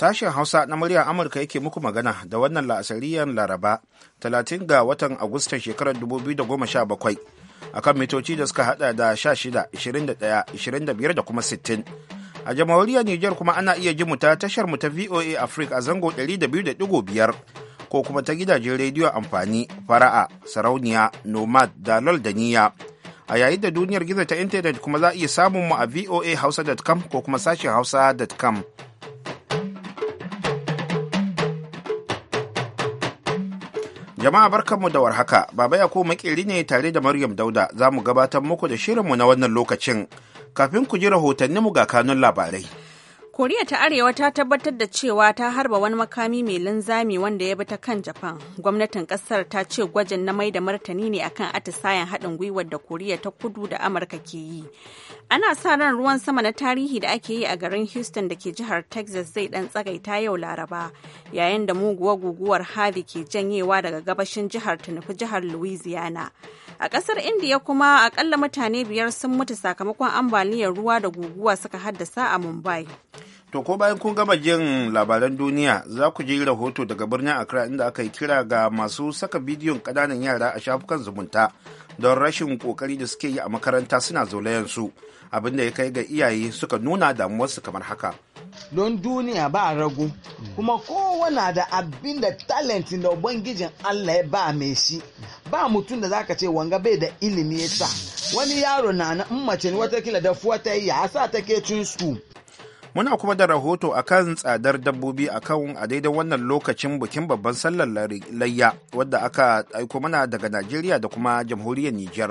Sashen Hausa na muryar Amurka yake muku magana da wannan la'asariyar Laraba 30 ga watan Agusta shekarar 2017 akan mitoci da suka hada da 16, 21, 25 da kuma 60. A jamhuriyar Nijar kuma ana iya ji mu ta tashar mu ta VOA Africa a zango 200.5 ko kuma ta gidajen rediyo amfani fara'a sarauniya nomad da laldaniya da niyya a yayin da duniyar gizo ta intanet kuma za a iya samun mu a voa hausa.com ko kuma sashen hausa.com Jama'a barkanmu da warhaka, Baba Yakubu makeri ne tare da Maryam Dauda za mu gabatar muku da shirinmu na wannan lokacin. Kafin ku ji rahotanninmu ga kanun labarai. koriya ta arewa ta tabbatar da cewa ta harba wani makami mai linzami wanda ya bi ta kan japan gwamnatin kasar ta ce gwajin na mai da martani ne akan atisayen haɗin gwiwar da koriya ta kudu da amurka ke yi ana sa ran ruwan sama na tarihi da ake yi a garin houston da ke jihar texas zai dan tsagaita yau laraba yayin da muguwar guguwar harvey ke janyewa daga gabashin jihar ta nufi jihar louisiana a ƙasar india kuma akalla mutane biyar sun mutu sakamakon ambaliyar ruwa da guguwa suka haddasa a mumbai To ko bayan kun gama jin labaran duniya za ku ji rahoto daga birnin Accra inda aka yi kira ga masu saka bidiyon ƙananan yara a shafukan zumunta don rashin ƙoƙari da suke yi a makaranta suna zolayensu abin da ya kai ga iyaye suka nuna damuwarsu kamar haka. Don duniya ba ragu kuma kowana da abin da talentin da ubangijin Allah ya ba mai shi ba mutum da zaka ce wanga bai da ilimi ya sa wani yaro na na mace wata watakila da fuwa ta yi ya sa take cin su Muna kuma da rahoto a kan tsadar dabbobi kan a daidai wannan lokacin bikin babban sallar layya wadda aka aiko mana daga Najeriya da kuma jamhuriyar Nijar.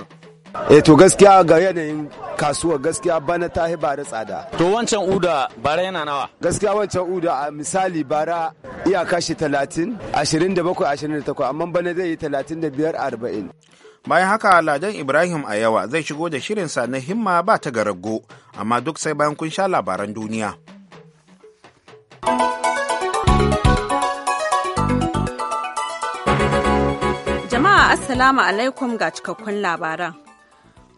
eh to gaskiya ga yanayin kasuwa gaskiya bana ta yi bara tsada to wancan uda bara yana nawa gaskiya wancan uda a misali bara iya kashi 30 27 28 amma bana zai yi 35 40 bayan haka ladan ibrahim a yawa zai shigo da shirinsa na himma ba ta garago amma duk sai bayan kun sha labaran duniya jama'a assalamu alaikum ga cikakkun labaran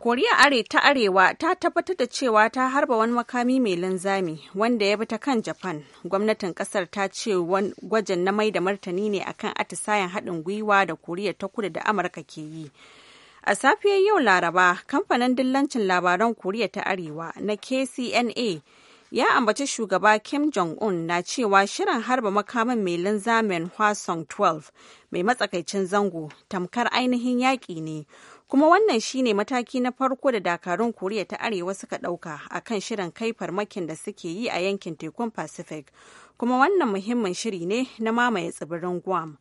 koriya are ta arewa ta tabbatar da cewa ta harba wani makami mai linzami wanda ya bi ta kan japan gwamnatin kasar ta ce gwajin na mai da martani ne akan atisayen haɗin gwiwa da koriya ta kudu da amurka ke yi a safiyar yau laraba kamfanin dillancin labaran koriya ta arewa na kcna ya ambaci shugaba kim jong-un na cewa shirin harba makamin mai linzamin hwasong 12 mai matsakaicin zango tamkar ainihin yaƙi ne kuma wannan shine mataki na farko da dakarun koriya ta arewa suka ɗauka a kan shirin kai farmakin da suke yi a yankin tekun pacific kuma wannan muhimmin shiri ne na mamaye tsibirin guam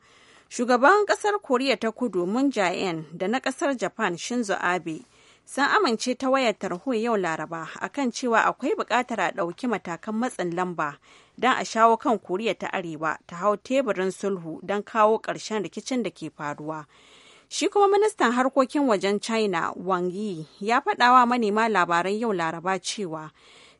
shugaban kasar koriya ta kudu moon jae da na kasar japan shinzo abe sun amince ta wayar tarho yau laraba akan cewa akwai bukatar a ɗauki matakan matsin lamba don a shawo kan koriya ta arewa ta hau teburin sulhu don kawo ƙarshen rikicin da ke faruwa Shi kuma ministan harkokin wajen China Wang Yi ya faɗawa manema labaran yau Laraba cewa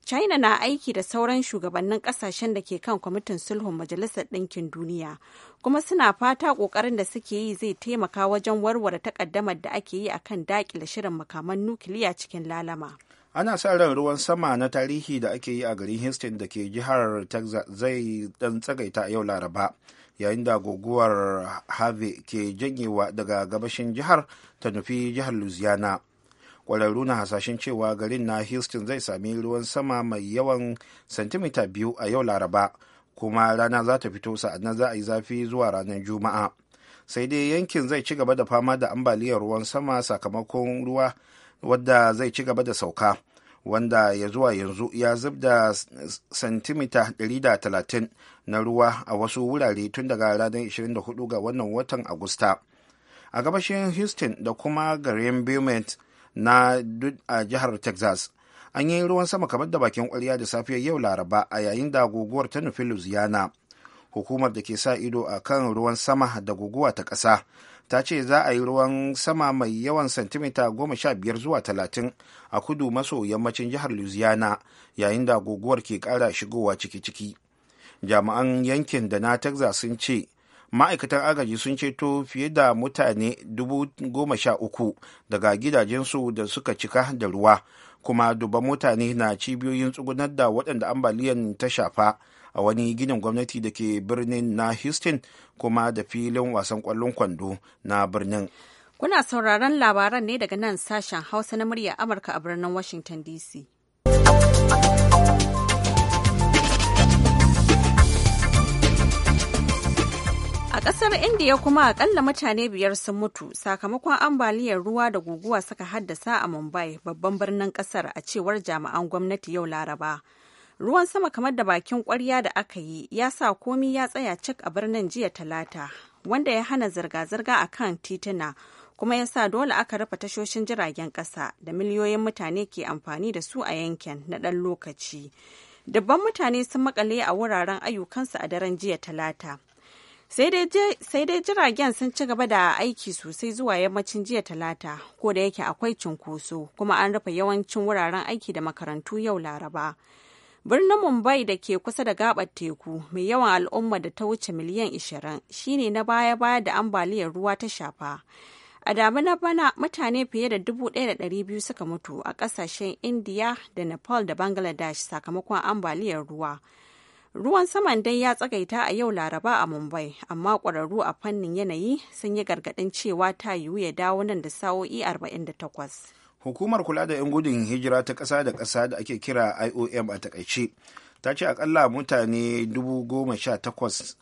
China na aiki da sauran shugabannin kasashen da ke kan kwamitin sulhun Majalisar Ɗinkin Duniya, kuma suna fata ƙoƙarin da suke yi zai taimaka wajen warware takaddamar da ake yi akan daƙile shirin makaman nukiliya cikin lalama. ana sa ran ruwan sama na tarihi da ake yi a garin houston da ke jihar texas zai dan tsagaita yau laraba yayin da guguwar harvey ke janyewa daga gabashin jihar ta nufi jihar louisiana kwararru na hasashen cewa garin na houston zai sami ruwan sama mai yawan santimita biyu a yau laraba kuma rana za ta fito sa'adna za a yi zafi zuwa ranar juma'a sai dai yankin zai ci gaba da fama da ambaliyar ruwan sama sakamakon ruwa wadda zai ci gaba da sauka wanda ya zuwa yanzu ya zub da santimita 130 na ruwa a wasu wurare tun daga ranar 24 ga wannan watan agusta a gabashin houston da kuma garin beaumont na a jihar texas an yi ruwan sama kamar da bakin kwarya da safiyar yau laraba a yayin da guguwar ta nufi louisiana hukumar da ke sa ido a kan ruwan sama da guguwa ta ƙasa ta ce za a yi ruwan sama mai yawan santimita goma sha biyar zuwa talatin a kudu maso yammacin jihar louisiana yayin da guguwar ke kara shigowa ciki-ciki jami'an yankin da na texas sun ce ma'aikatan agaji sun ceto fiye da mutane dubu goma sha uku daga gidajensu da suka cika da ruwa kuma dubban mutane na cibiyoyin tsugunar da waɗanda ambaliyan ta shafa a wani ginin gwamnati da ke birnin na houston kuma da filin wasan kwallon kwando na birnin kuna sauraron labaran ne daga nan sashen hausa na murya amurka a birnin washington dc A ƙasar Indiya kuma akalla mutane biyar sun mutu sakamakon ambaliyar ruwa da guguwa suka haddasa a Mumbai babban birnin ƙasar a cewar jami'an gwamnati yau Laraba. ruwan sama kamar da bakin kwarya da aka yi ya sa komi ya tsaya cik a birnin jiya talata wanda ya hana zirga-zirga a kan tituna kuma ya sa dole aka rufe tashoshin jiragen kasa da miliyoyin mutane ke amfani da su a yankin na ɗan lokaci dabban mutane sun makale a wuraren ayyukansu a daren jiya talata sai dai jiragen sun ci gaba da aiki sosai zuwa yammacin jiya talata ko da yake akwai cunkoso kuma an rufe yawancin wuraren aiki da makarantu yau laraba Birnin Mumbai da ke kusa da gabar teku mai yawan al'umma da ta wuce miliyan 20 shine na baya-baya da ambaliyar ruwa ta shafa. A na bana mutane fiye da 1,200 suka mutu a kasashen India da Nepal da Bangladesh sakamakon ambaliyar ruwa. Ruwan saman dai ya tsagaita a yau Laraba a Mumbai, amma ƙwararru a fannin yanayi sun yi gargaɗin cewa ta yiwu ya dawo nan da sa'o'i 48. hukumar kula da 'yan gudun hijira ta ƙasa da ƙasa da ake kira iom a takaice ta ce akalla mutane 18,000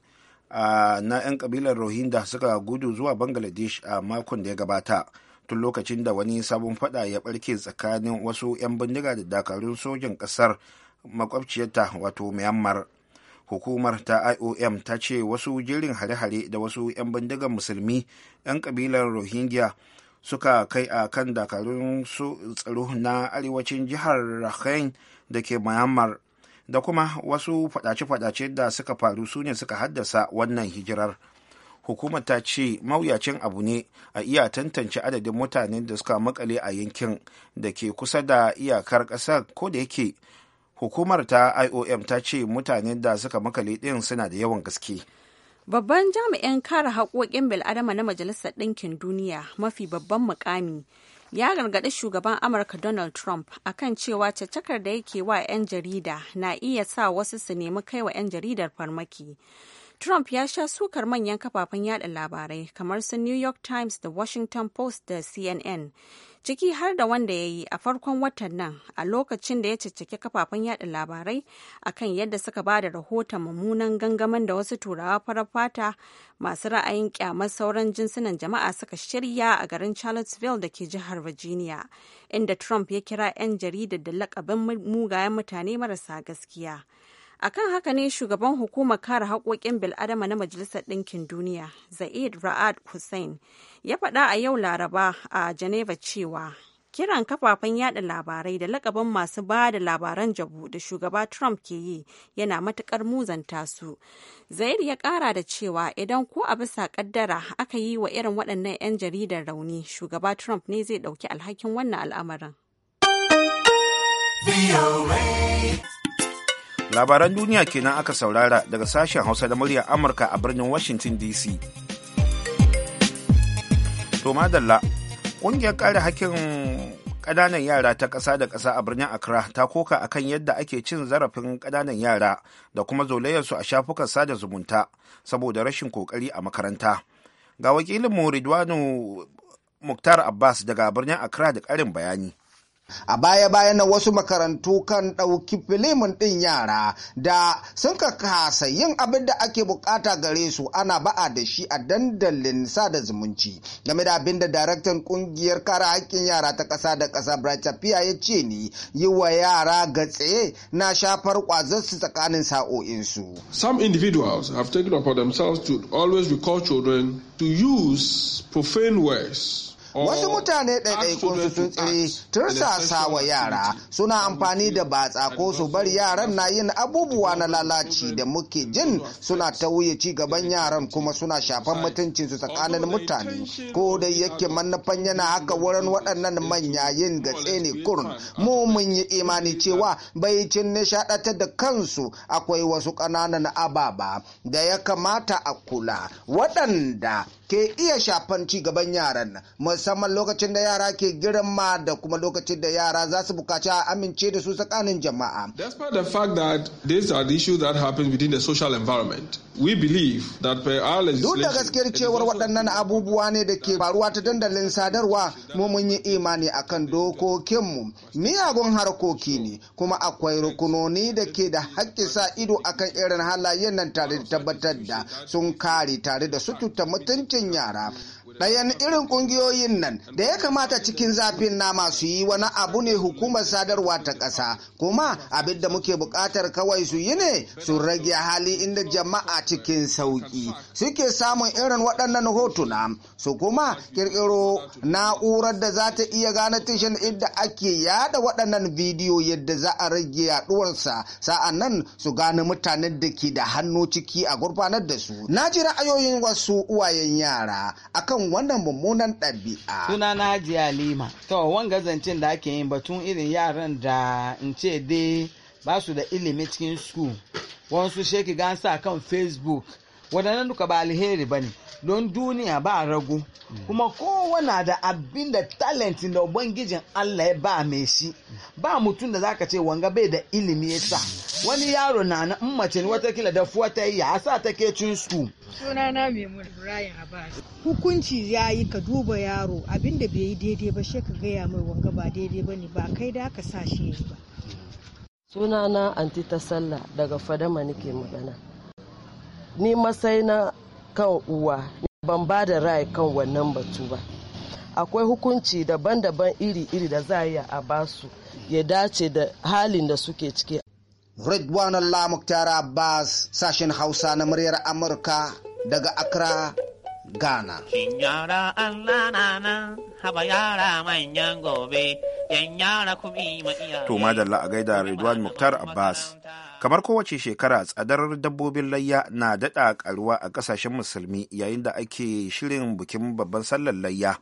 na 'yan kabilar rohingya suka gudu zuwa bangladesh a makon da ya gabata tun lokacin da wani sabon fada ya barke tsakanin wasu 'yan bindiga da dakarun sojin ƙasar makwabciyarta wato myanmar hukumar ta iom ta ce wasu jerin hare-hare da wasu 'yan bindigar musulmi 'yan kabilar rohingya suka kai a kan dakarun su tsaro na arewacin jihar Rakhine da ke Myanmar da kuma wasu fadace-fadace da suka faru su ne suka haddasa wannan hijirar. Hukumar ta ce mawuyacin abu ne a iya tantance adadin mutanen da suka makale a yankin da ke kusa da iyakar ƙasar ko da yake hukumar ta IOM ta ce mutanen da suka makale ɗin suna da yawan gaske. Babban jami'in kare haƙoƙin bil'adama na Majalisar Ɗinkin Duniya mafi babban mukami ya gargaɗi shugaban Amurka Donald Trump akan cewa caccakar da yake wa 'yan jarida na iya sa wasu su nemi kai wa 'yan jaridar farmaki. Trump ya sha sukar manyan kafafen yada labarai kamar su New York Times da Washington Post da CNN ciki har da wanda ya yi a farkon watan nan a lokacin da ya cicciki kafafen yada labarai akan yadda suka ba da rahoton mummunan gangamin da wasu turawa farar fata masu ra'ayin kyamar sauran jinsunan jama'a suka shirya a garin charlottesville da ke jihar virginia inda trump ya kira 'yan jaridar da lakabin mugayen mutane marasa gaskiya akan haka ne shugaban hukumar kare haƙoƙin bil'adama na majalisar ɗinkin duniya zaid ra'ad hussein ya faɗa a yau laraba a geneva cewa kiran kafafen yada labarai da lakabin masu ba da labaran jabu da shugaba trump ke yi yana matukar muzanta su zair ya kara da cewa idan ko a bisa kaddara aka yi wa irin waɗannan 'yan jaridar rauni shugaba trump ne zai ɗauki alhakin wannan al'amarin labaran duniya kenan aka saurara daga sashen hausa da murya amurka a birnin washington dc to madalla ƙungiyar kare hakkin ƙananan yara ta ƙasa da ƙasa a birnin accra ta koka akan yadda ake cin zarafin ƙananan yara da kuma zolayensu a shafukan sada zumunta saboda rashin kokari a makaranta ga wakilin ridwanu muktar abbas daga birnin accra da ƙarin bayani A baya-bayan na wasu makarantu kan ɗauki filimin ɗin yara da sun ka kasa yin abin da ake bukata gare su ana ba'a da shi a dandalin sada zumunci. Game da abin da daraktan ƙungiyar kare haƙƙin yara ta ƙasa da ƙasa Bright ya ce ni yi wa yara gatse na shafar ƙwazarsu tsakanin sa'o'insu. Some individuals have taken upon themselves to always recall children to use profane words wasu mutane ɗaiɗaikunsu sun tsire tursasa wa yara suna amfani da batsa ko su bari yaran na yin abubuwa na lalaci da muke jin suna ta wuya ci gaban yaran kuma suna shafan su tsakanin mutane ko da yake manufan yana haka wurin waɗannan manya yin ga ne kurun mu mun yi imani cewa bai cin nishaɗatar da kansu akwai wasu ƙananan ababa da ya kamata a kula waɗanda ke iya shafan ci gaban yaran musamman lokacin da yara ke girma da kuma lokacin da yara za su bukaci a amince da su tsakanin jama'a. Despite the fact that these are the issues that happen within the social environment, we believe that per our legislation... Duk da gaskiyar cewar waɗannan abubuwa ne da ke faruwa ta dandalin sadarwa mu mun yi imani akan dokokinmu miyagun harkoki ne kuma akwai rukunoni da ke da haƙƙi sa ido akan irin halayen nan tare da tabbatar da sun kare tare da su sututa mutuncin yara Ɗayan irin ƙungiyoyin nan da ya kamata cikin zafin nama su yi wani abu ne hukumar sadarwa ta ƙasa kuma abin da muke buƙatar kawai su yi ne su rage hali inda jama'a cikin sauƙi suke samun irin waɗannan hotuna su kuma ƙirƙiro na'urar da za ta iya gane tashar inda ake yada waɗannan bidiyo yadda za a rage yaɗuwarsa sa'an nan su gane mutanen da ke da hannu ciki a gurfanar da su na ji ra'ayoyin wasu uwayen yara akan wannan mummunan ɗabi'a. Suna na jiya Lima. To wanga zancen da ake yin batun irin yaran da in ce dai ba su da ilimi cikin school. Wasu sheki gan sa kan Facebook. waɗannan duka ba alheri ba ne don duniya ba ragu mm. kuma kowa na da abin da talentin da ubangijin Allah ya ba mai shi ba mutum da zaka ce wanga bai da ilimi ya sa wani yaro na na mace ne watakila da fuwa ta yi ya sa ta ke cin su sunana mai Ibrahim Abbas hukunci ya yi ka duba yaro abin da bai yi daidai ba shi ka gaya mai wanga ba daidai ba ne ba kai da aka sa shi ba sunana anti ta sallah daga fadama nake magana ni masai na kan uwa ban ba da rai kan wannan batu ba akwai hukunci daban-daban iri-iri da za a yi a basu ya dace da halin da suke ciki Ridwan Allah Muktar Abbas sashen Hausa na muryar Amurka daga Accra, Ghana. To madalla a gaida Ridwan Muktar Abbas. Kamar kowace shekara tsadar dabbobin layya na daɗa ƙaruwa a ƙasashen musulmi yayin da ake shirin bikin babban sallar layya.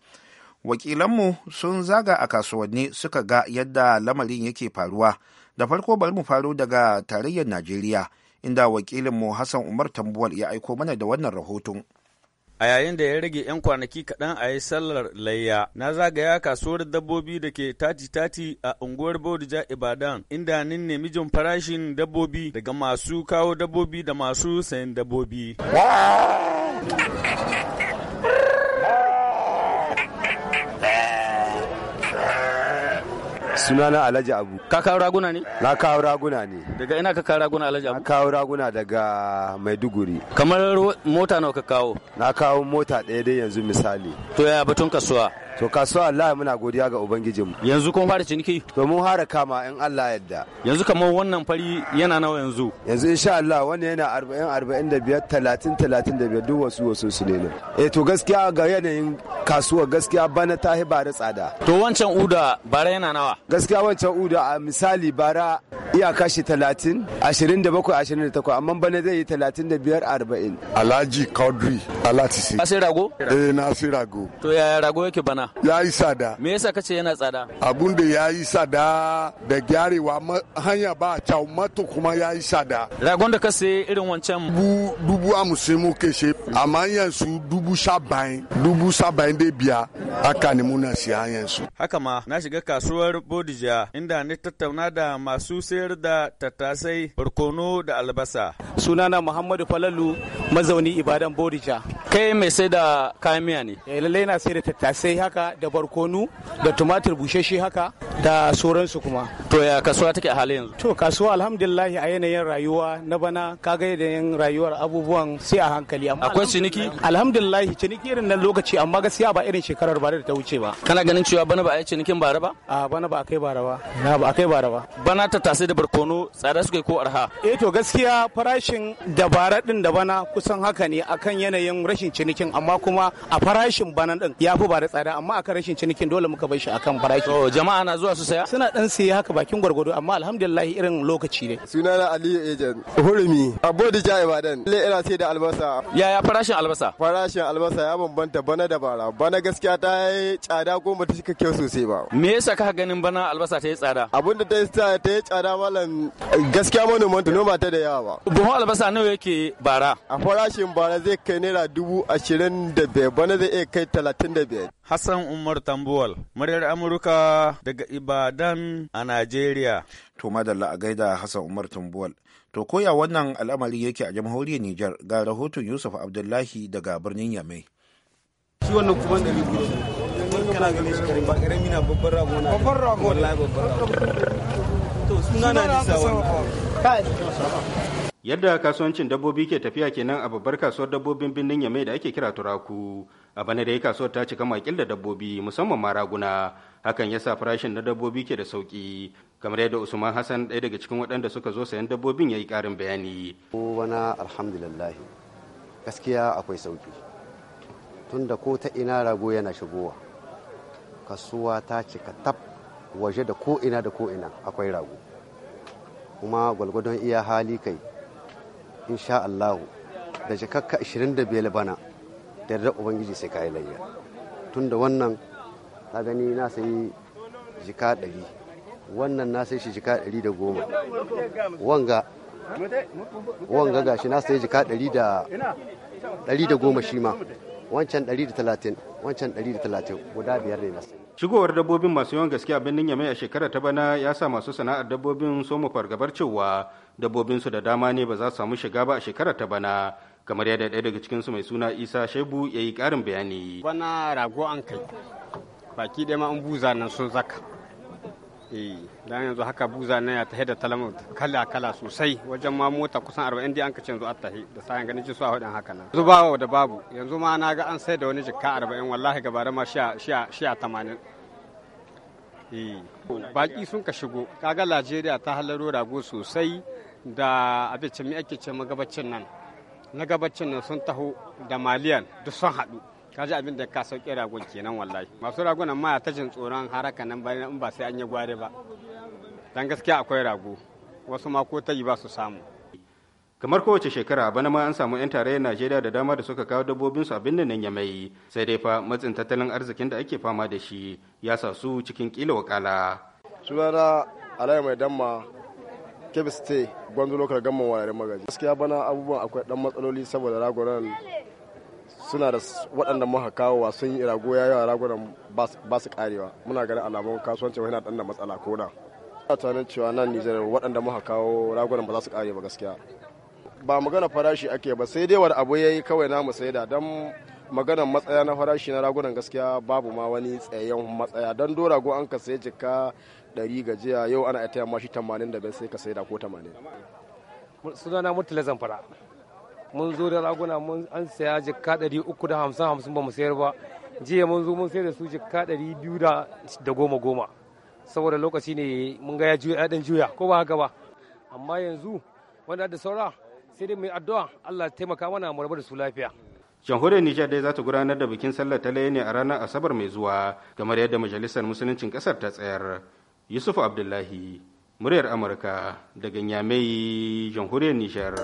Wakilanmu sun zaga a kasuwanni suka ga yadda lamarin yake faruwa. Da farko bari mu faro daga tarayyar Najeriya, inda wakilinmu Hassan Umar Tambuwal ya aiko mana da wannan rahoton. A yayin da ya rage 'yan kwanaki kaɗan a yi sallar layya, na zagaya kasuwar dabbobi da ke tati-tati a unguwar Bodija Ibadan, inda nin ne mijin farashin dabbobi daga masu kawo dabbobi da masu sayan dabbobi. sunana alhaji abu ka kawo raguna ne na kawo raguna ne daga ina ka kawo raguna alhaji abu na kawo raguna daga maiduguri kamar mota nawa ka kawo na kawo mota ɗaya dai yanzu misali to ya batun kasuwa to kasuwa Allah muna godiya ga ubangijinmu yanzu kuma fara ciniki to mun fara kama in Allah yadda yanzu kamar wannan fari yana nawa yanzu yanzu insha Allah wannan yana 40 45 30 35 duk wasu wasu su ne eh to gaskiya ga yanayin kasuwa gaskiya bana ta ba da tsada to wancan uda bara yana nawa gaskiya wancan uda a misali bara iya kashi 30 27 28 amma bana zai yi 35 40 Alhaji Kaudri Alatisi. Ka sai rago? Eh na se rago. To yaya rago yake bana? Ya yi sada. Me yasa kace yana tsada? Abun da ya yi sada da gyarewa hanya ba kyau mato kuma ya yi sada. Ragon da ka sai irin wancan? Dubu dubu amuse ke shi amma yanzu dubu saba'in dubu saba'in da biya haka ne muna an yanzu. Haka ma na shiga kasuwar Bodija inda ni tattauna da masu sayar da tattasai, barkono da albasa. Sunana Muhammadu Falalu mazauni Ibadan Bodija. kai mai sai da kayan miya ne eh lalle na sai da tattasai haka da barkonu da tumatir busheshe haka da sauransu kuma to ya kasuwa take a halin yanzu to kasuwa alhamdulillah a yanayin rayuwa na bana ka kaga yanayin rayuwar abubuwan sai a hankali amma akwai ciniki alhamdulillah ciniki irin nan lokaci amma gaskiya ba irin shekarar bara da ta wuce ba kana ganin cewa bana ba a yi cinikin bara ba a bana ba a kai bara ba na ba a kai bara ba bana tattasai da barkonu tsada suke ko arha eh to gaskiya farashin dabara din da bana kusan haka ne akan yanayin rashin cinikin amma kuma a farashin bana din ya fi ba da tsada amma akan rashin cinikin dole muka bar shi akan farashi. To jama'a na zuwa su saya? Suna dan siye haka bakin gwargwado amma alhamdulillah irin lokaci ne. Suna na Aliyu Agent Hurumi Abodi Jai Ibadan. Le ina sai da albasa. Yaya farashin albasa? Farashin albasa ya bambanta bana da bara. Bana gaskiya ta yi tsada ko ta cika kyau sosai ba. Me yasa ka ganin bana albasa ta yi tsada? Abinda ta yi ta yi tsada malam gaskiya manoman ta noma ta da yawa ba. Buhun albasa nawa yake bara? A farashin bara zai kai naira dubu ashirin da biyar bana zai iya kai talatin da biyar. Hassan Umar Tambuwal, muryar Amurka daga Ibadan a Najeriya. To madalla a gaida Hassan Umar Tambuwal. To koya wannan al'amari yake a jamhuriyar Nijar ga rahoton Yusuf Abdullahi daga birnin Yamai. Shi wannan kuma ɗari kana ganin shi karin ba ƙarami na babban rago na. Babban rago. Wallahi babban rago. To suna na nisa wannan. Kai. yadda kasuwancin dabbobi ke tafiya kenan a babbar kasuwar dabbobin birnin yamai da ake kira turaku a bana da kasuwar ta cika makil da dabbobi musamman ma raguna hakan yasa farashin na dabbobi ke da sauki kamar yadda usman hassan ɗaya daga cikin waɗanda suka zo sayan dabbobin ya yi ƙarin bayani wana alhamdulillah gaskiya akwai sauki tunda ko ta ina rago yana shigowa kasuwa ta cika tab waje da ko ina da ko ina akwai rago kuma gwalgwadon iya hali kai insha Allahu da jakakka 25 bana da yarda ubangiji sai kayi layya tun da wannan ta gani na sayi jika 100 wannan na sai shi jika 110 wanga wanga gashi na sayi jika 110 shi ma wancan 130 wancan 130 guda biyar ne na sai shigowar dabbobin masu yawan gaske a birnin yamai a shekara ta bana ya sa masu sana'ar dabbobin soma fargabar cewa dabbobinsu da dama ne ba za su samu shiga ba a shekara ta bana kamar yadda ɗaya daga cikinsu mai suna isa shebu ya yi ƙarin bayani bana rago an kai baki ɗaya ma an buza nan sun zaka eh dan yanzu haka buza na ya tahe da talamu kala kala sosai wajen ma mota kusan 40 dai an kace yanzu an tahe da sayan ganin su a hudin haka nan yanzu bawo da babu yanzu ma na ga an sai da wani jikka 40 wallahi gaba ma sha sha sha 80 eh baki sun ka shigo kaga Najeriya ta halaro rago sosai da abincin mai ake ce magabacin nan na gabacin nan sun taho da maliyan duk sun haɗu kaji abin da ka sauke ragon kenan wallahi masu ragunan ma ta jin tsoron haraka nan bayan in ba sai an yi gware ba dan gaskiya akwai rago wasu ma ko ta yi ba su samu kamar kowace shekara bana ma an samu 'yan tarayyar najeriya da dama da suka kawo su abin nan ya mai sai dai fa matsin tattalin arzikin da ake fama da shi ya sa su cikin kila wakala sunana alai mai damma Cape state gwanzo local gamman wayar magaji gaskiya bana abubuwan akwai dan matsaloli saboda ragunan suna da waɗanda muka kawowa sun yi rago ya yawa ragunan ba su karewa muna ganin alamun kasuwanci yana ɗan da matsala ko na ina tunanin cewa nan nijar waɗanda muka kawo ragunan ba za su kare ba gaskiya ba magana farashi ake ba sai dai wani abu ya yi kawai namu saida don magana matsaya na farashi na ragunan gaskiya babu ma wani tsayayyen matsaya don dora go an ka sai jika ɗari gajiya yau ana ita ma shi tamanin da bai sai ka saida ko tamanin. sunana murtala zamfara mun zo da raguna mun an saya jikka ɗari uku da hamsin hamsin ba mu sayar ba jiya mun zo mun sayar da su jikka ɗari biyu da goma goma saboda lokaci ne mun ga ya juya ɗan juya ko ba haka ba amma yanzu wanda da saura sai dai mai addu'a Allah taimaka mana mu rabu da su lafiya jamhuriyar nijar dai za ta gudanar da bikin sallar ta ne a ranar asabar mai zuwa kamar yadda majalisar musuluncin kasar ta tsayar Yusuf Abdullahi, muryar Amurka daga Nyamai, jamhuriyar Nijar.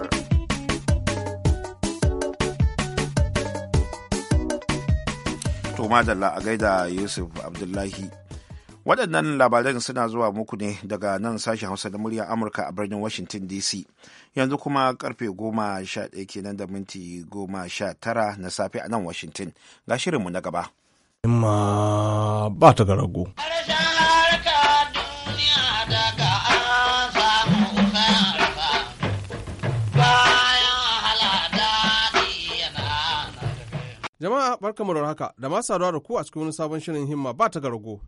To madalla a gaida Yusuf Abdullahi. Waɗannan labaran suna zuwa muku ne daga nan sashen Hausa da muryar Amurka a birnin Washington DC. Yanzu kuma karfe goma sha ɗaya kenan da minti goma sha tara na safe a nan Washington. Ga shirinmu na gaba. Imma ba ta ga rago. Jama'a barkamu da haka da ma saduwa da ku a cikin wani sabon shirin himma ba ta gargo.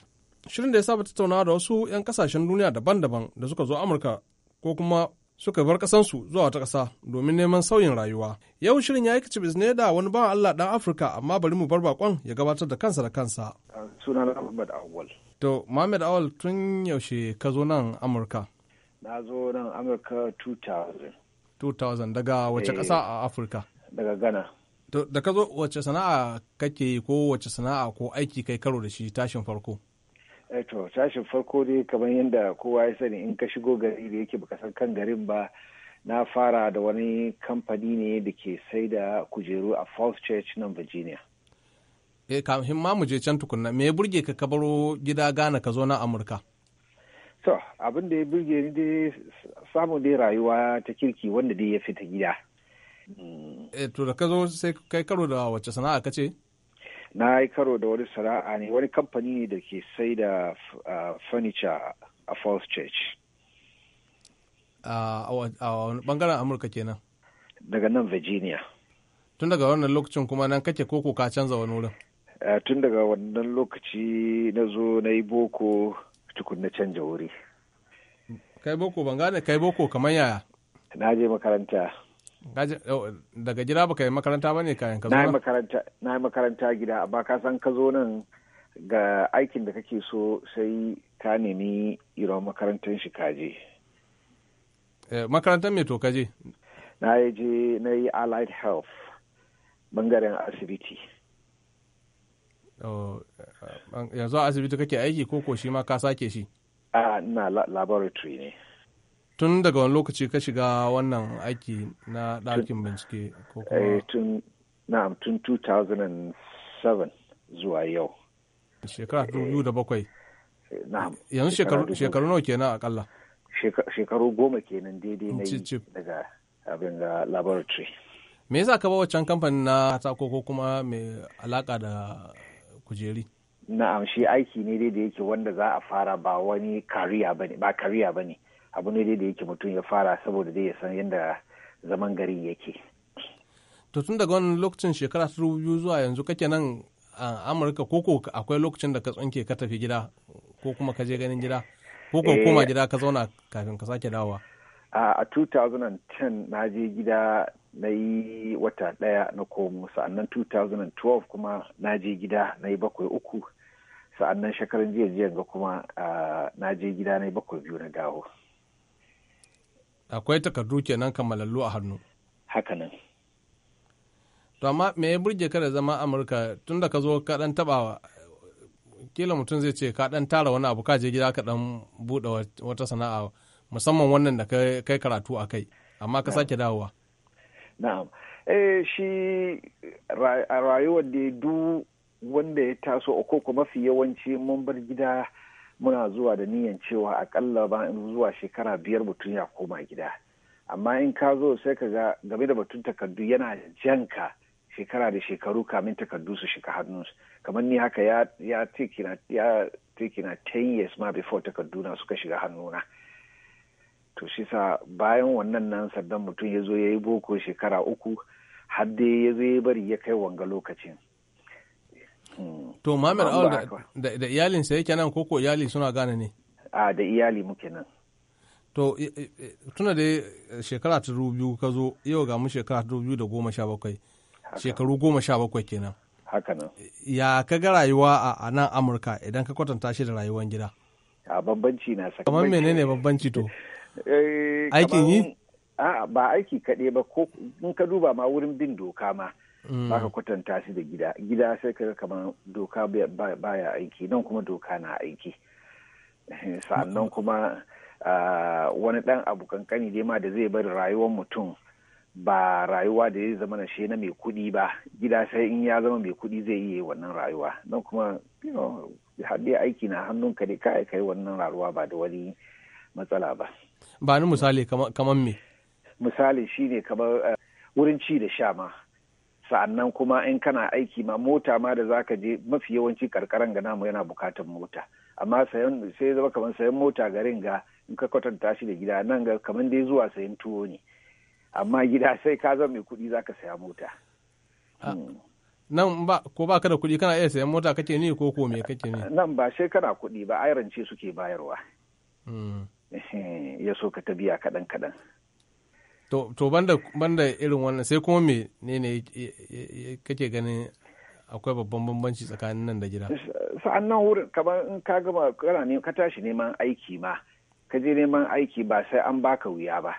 Shirin da ya saba tattaunawa da wasu 'yan kasashen duniya daban-daban da suka zo Amurka ko kuma suka bar kasansu zuwa wata kasa domin neman sauyin rayuwa. Yau shirin ya yi ne da wani bawan Allah dan Afirka amma bari mu bar bakon ya gabatar da kansa da kansa. Sunan Awal. To, Awal tun yaushe ka zo nan Amurka? Na zo nan Amurka 2000. 2000 daga wace eh. ƙasa a Afirka? Daga Ghana. To da ka zo wace sana'a kake yi ko wace sana'a ko aiki kai karo da shi tashin farko? eto eh tashin farko dai kamar yadda kowa ya sani in ka shigo gari da yake baka san kan garin ba na fara da wani kamfani ne da ke sai da kujeru a Falls Church nan Virginia. Eh kafin ma mu je can tukunna me burge ka ka baro gida gana ka zo na Amurka? To abin da ya burge ni dai samun dai rayuwa ta kirki wanda dai ya fita gida. e to da ka zo sai kai karo da wacce sana'a ka ce? Na yi karo da wani sana'a ne, wani kamfani ne da ke sai da ah, furniture a Falls Church. Ah, a wani bangaren Amurka kenan? Daga nan Virginia. Tun daga wannan lokacin kuma nan kake koko ka canza wani wurin? Eh, tun daga wannan lokaci na zo na yi boko tukun na canja wuri. Kai boko ban gane kai boko kamar yaya? Na je makaranta. daga gida baka yi makaranta ba ne kayan ka na yi makaranta gida ba ka san ka zo nan ga aikin da kake so sai ka nemi irin makarantar shi kaje eh, makarantar mai to kaje na yi je na yi allied health bangaren asibiti oh, eh, eh, yanzu a asibiti kake aiki ko ko shi ma ka sake shi a ah, na laboratory ne tun daga wani lokaci ka shiga wannan aiki na ɗakin bincike ko kuma eh, tun na'am tun 2007 zuwa yau shekara 2007 eh, eh, na'am yanzu shekaru nawa kenan akalla shekaru goma kenan daidai na yi daga abin da laboratory me yasa ka ba waccan kamfanin na ta ko kuma mai alaka da kujeri na'am shi aiki ne dai da yake wanda za a fara ba wani kariya bane ba kariya bane abu ne dai da yake mutum ya fara saboda dai ya san yadda zaman gari yake to tun daga wani lokacin shekara ta biyu zuwa yanzu kake nan a amurka koko akwai lokacin da ka tsanke ka tafi gida ko kuma ka je ganin gida ko ka koma eh. gida ka zauna kafin ka sake dawowa a 2010 na je gida na yi wata ɗaya na komo sa'annan 2012 kuma na je gida na yi bakwai uku sa'annan shekarun jiya jiya ga kuma na je gida na yi bakwai biyu na dawo akwai takardu kenan kammalallu a hannu hakanan to amma me ya burge ka da zama amurka tun da ka zo ka dan taba kila mutum zai ce ka dan tara wani abu ka je gida ka dan bude wata sana'a musamman wannan da kai karatu a kai amma ka sake dawowa na'am eh shi a rayuwar da du wanda ya taso ko kuma fi yawanci mun bar gida muna zuwa da niyan cewa akalla ba in zuwa shekara biyar mutum ya koma gida amma in ka zo sai ka ga game da batun takardu yana ka shekara da shekaru kamin takardu su shiga hannunsu kamar ni haka ya ya take na 10 years ma before takardu na suka shiga hannuna to shi sa bayan wannan nan sannan mutum ya zo ya yi boko shekara uku har dai ya zo ya bari ya kai wanga lokacin To Mamir Awal da iyalinsa yake nan koko iyali suna gane ne? A da iyali muke nan. To tuna da eh, shekara ta biyu ka zo yau ga mu shekara ta biyu da goma sha bakwai. Shekaru goma sha bakwai kenan. Haka nan. Ya ka ga rayuwa a nan Amurka idan ka kwatanta shi da rayuwar gida? A bambanci na saka. Kamar menene bambanci to? Eh, Aikin yi? A'a ba aiki kaɗai ba ko in ka duba ma wurin bin doka ma. ba mm. ka kwatanta shi da gida gida sai ka kamar doka baya aiki nan kuma doka na aiki eh, sannan kuma wani dan abu kankani dai ma da zai bari rayuwar mutum ba rayuwa da ya zama na shi na mai kuɗi ba gida sai in ya zama mai kuɗi zai iya wannan rayuwa nan kuma haɗe aiki na hannunka ne kai kai wannan rayuwa ba da wani matsala ba ba ni misali kamar me misali shine kamar eh, wurin ci da sha ma sa'annan kuma in kana aiki ma mota ma da zaka je mafi yawanci karkaran ga namu yana bukatar mota amma sayan sai zama kamar sayan mota garin ga in ka kwatanta shi da gida nan ga kamar dai zuwa sayan tuwo ne amma gida sai ka zama mai kuɗi zaka saya mota ah. hmm. nan ba ko ba ka da kuɗi kana iya sayan mota kake ne ko ko me kake ne nan ba sai kana kuɗi ba ayrance suke bayarwa hmm. ya so ka ta biya kaɗan kaɗan to banda banda irin wannan sai kuma me ne ne kake ganin akwai babban bambanci tsakanin nan da gida sa'an nan wurin kamar in ka gama kana ne ka tashi neman aiki ma ka je neman aiki ba sai an baka wuya ba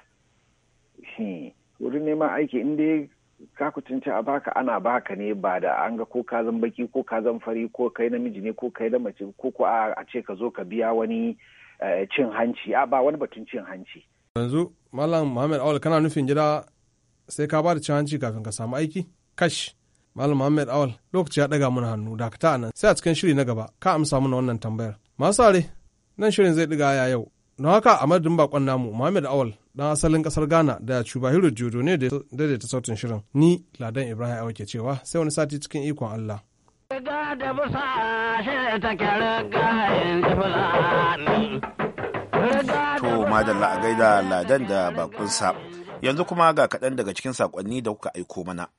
wurin neman aiki in dai ka kutunci a baka ana baka ne ba da an ga ko ka zan baki ko ka zan fari ko kai namiji ne ko kai da mace ko ko a ce ka zo ka biya wani eh, cin hanci a ba wani batun cin hanci yanzu malam muhammad awal kana nufin gida sai ka ba da hanci kafin ka samu aiki kash malam muhammad awal lokaci ya ɗaga mana hannu dakata a nan sai a cikin shiri na gaba ka amsa mana wannan tambayar masu nan shirin zai ɗiga ya yau don haka a madadin bakon namu muhammad awal dan asalin kasar ghana da hiru jodo ne da daidaita sautin shirin ni ladan ibrahim Awal ke cewa sai wani sati cikin ikon allah Riga da busa shi ta kyar gayen fulani. To madalla a gaida ladan da bakunsa. Yanzu kuma ga kaɗan daga cikin saƙonni da kuka aiko mana.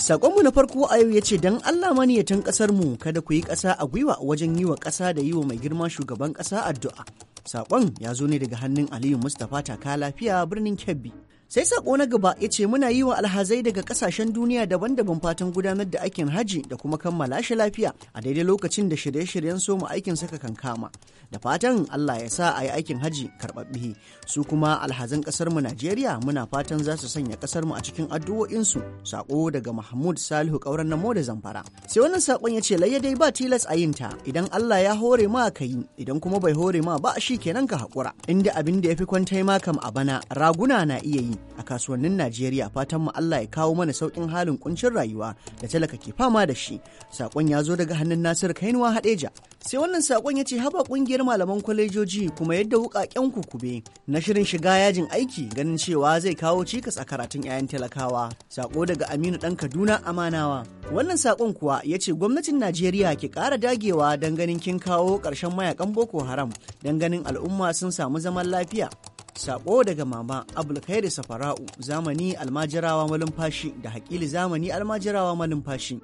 Sakonmu na farko a yau ya ce don Allah maniyatan mu kada ku yi ƙasa a gwiwa wajen yi wa ƙasa da yi wa mai girma shugaban ƙasa addu'a. sakon ya zo ne daga hannun Aliyu Mustapha Taka Lafiya birnin Kebbi. sai sako na gaba ya ce muna yi wa alhazai daga kasashen duniya daban-daban fatan gudanar da aikin hajji da kuma kammala shi lafiya a daidai lokacin da shirye-shiryen soma aikin saka kama da fatan allah ya sa a yi aikin haji karɓaɓɓe su kuma alhazan ƙasar mu najeriya muna fatan za su sanya ƙasar mu a cikin addu'o'insu sako daga mahmud salihu ƙauren namo da zamfara sai wannan sakon ya ce layya dai ba tilas a yin ta idan allah ya hore ma ka yi idan kuma bai hore ma ba shi kenan ka haƙura inda abin da ya fi kwantai ma kam a bana raguna na iya yi a kasuwannin Najeriya fatan mu Allah ya kawo mana sauƙin halin kuncin rayuwa da talaka ke fama da shi. Sakon ya zo daga hannun Nasir Kainuwa Hadeja. Sai wannan sakon ya ce haba kungiyar malaman kwalejoji kuma yadda ku kube." na shirin shiga yajin aiki ganin cewa zai kawo cikas a karatun 'ya'yan talakawa. Sako daga Aminu ɗan Kaduna Amanawa. Wannan sakon kuwa ya ce gwamnatin Najeriya ke ƙara dagewa don ganin kin kawo ƙarshen mayakan Boko Haram don ganin al'umma sun samu zaman lafiya. Sako daga mama Abulkhairi Safara'u zamani almajirawa malumfashi da hakili zamani almajirawa malumfashi.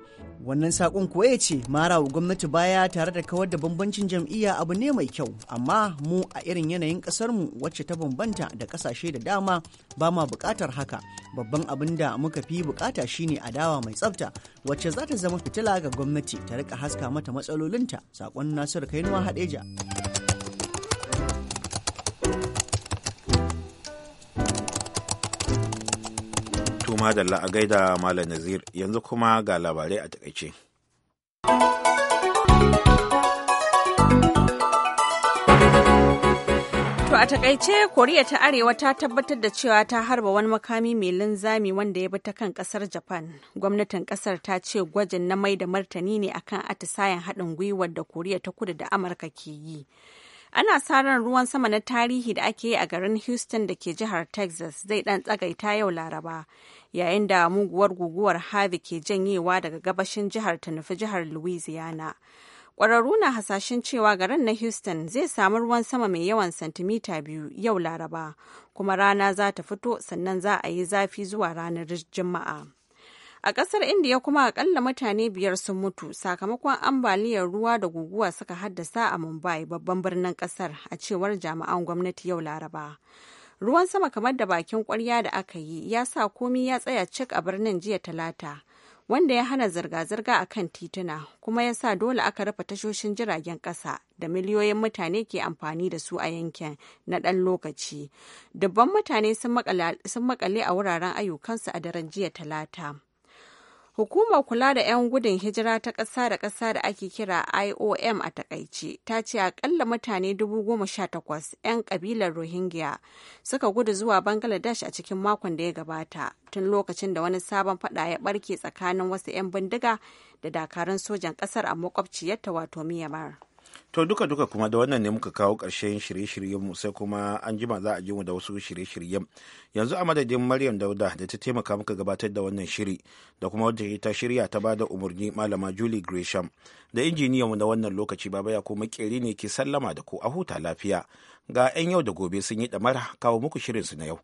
Wannan sakon kuwa ya ce mara wa gwamnati baya tare da kawar da bambancin jam'iyya abu ne mai kyau amma mu a irin yanayin ƙasarmu wacce ta bambanta da ƙasashe da dama ba ma bukatar haka babban abin da muka fi bukata shine adawa mai tsafta wacce za ta zama fitila ga gwamnati ta rika haska mata matsalolinta sakon Nasiru Kainuwa haɗeja. madalla a gaida Malam Nazir yanzu kuma ga labarai a takaice. To a takaice Koriya ta Arewa ta tabbatar da cewa ta harba wani makami mai linzami wanda ya bi ta kan kasar Japan. Gwamnatin kasar ta ce gwajin na mai da martani ne akan atisayen haɗin gwiwar da Koriya ta Kudu da Amurka ke yi. ana saran ruwan sama na tarihi da ake yi a garin houston da ke jihar texas zai dan tsagaita yau laraba yayin da muguwar guguwar harvey ke janyewa daga gabashin jihar ta nufi jihar louisiana ƙwararru na hasashen cewa garin na houston zai samu ruwan sama mai yawan santimita biyu yau laraba kuma rana za ta fito sannan za a yi zafi zuwa ranar jima'a. A ƙasar Indiya kuma akalla mutane biyar sun mutu sakamakon ambaliyar ruwa da guguwa suka haddasa a Mumbai babban birnin ƙasar a cewar jami'an gwamnati yau Laraba. Ruwan sama kamar da bakin ƙwarya da aka yi ya sa komi ya tsaya cik a birnin jiya Talata. wanda ya hana zirga-zirga a kan tituna kuma ya sa dole aka rufe tashoshin jiragen ƙasa da miliyoyin mutane ke amfani da su a yankin na ɗan lokaci. Dubban mutane sun maƙale a wuraren ayyukansu a daren jiya talata. Hukumar kula da 'yan gudun hijira ta ƙasa da ƙasa da ake kira IOM a takaice ta ce akalla mutane 18,000 'yan ƙabilar Rohingya suka gudu zuwa Bangladesh a cikin makon da ya gabata tun lokacin da wani sabon fada ya barke tsakanin wasu 'yan bindiga da dakarun sojan ƙasar a makwabciyarta wato Myanmar. To duka-duka kuma da wannan ne muka kawo ƙarshen shirye-shiryenmu sai kuma an jima za a ji mu da wasu shirye-shiryen. Yanzu a madadin Maryam Dauda da ta taimaka muka gabatar da wannan shiri da kuma wadda ta shirya ta bada umarni Malama Julie Gresham da injiniyanmu na wannan lokaci Baba ya kuma makeri ne ke sallama da ku a huta lafiya. Ga 'yan yau da gobe sun yi ɗamara kawo muku shirin su na yau.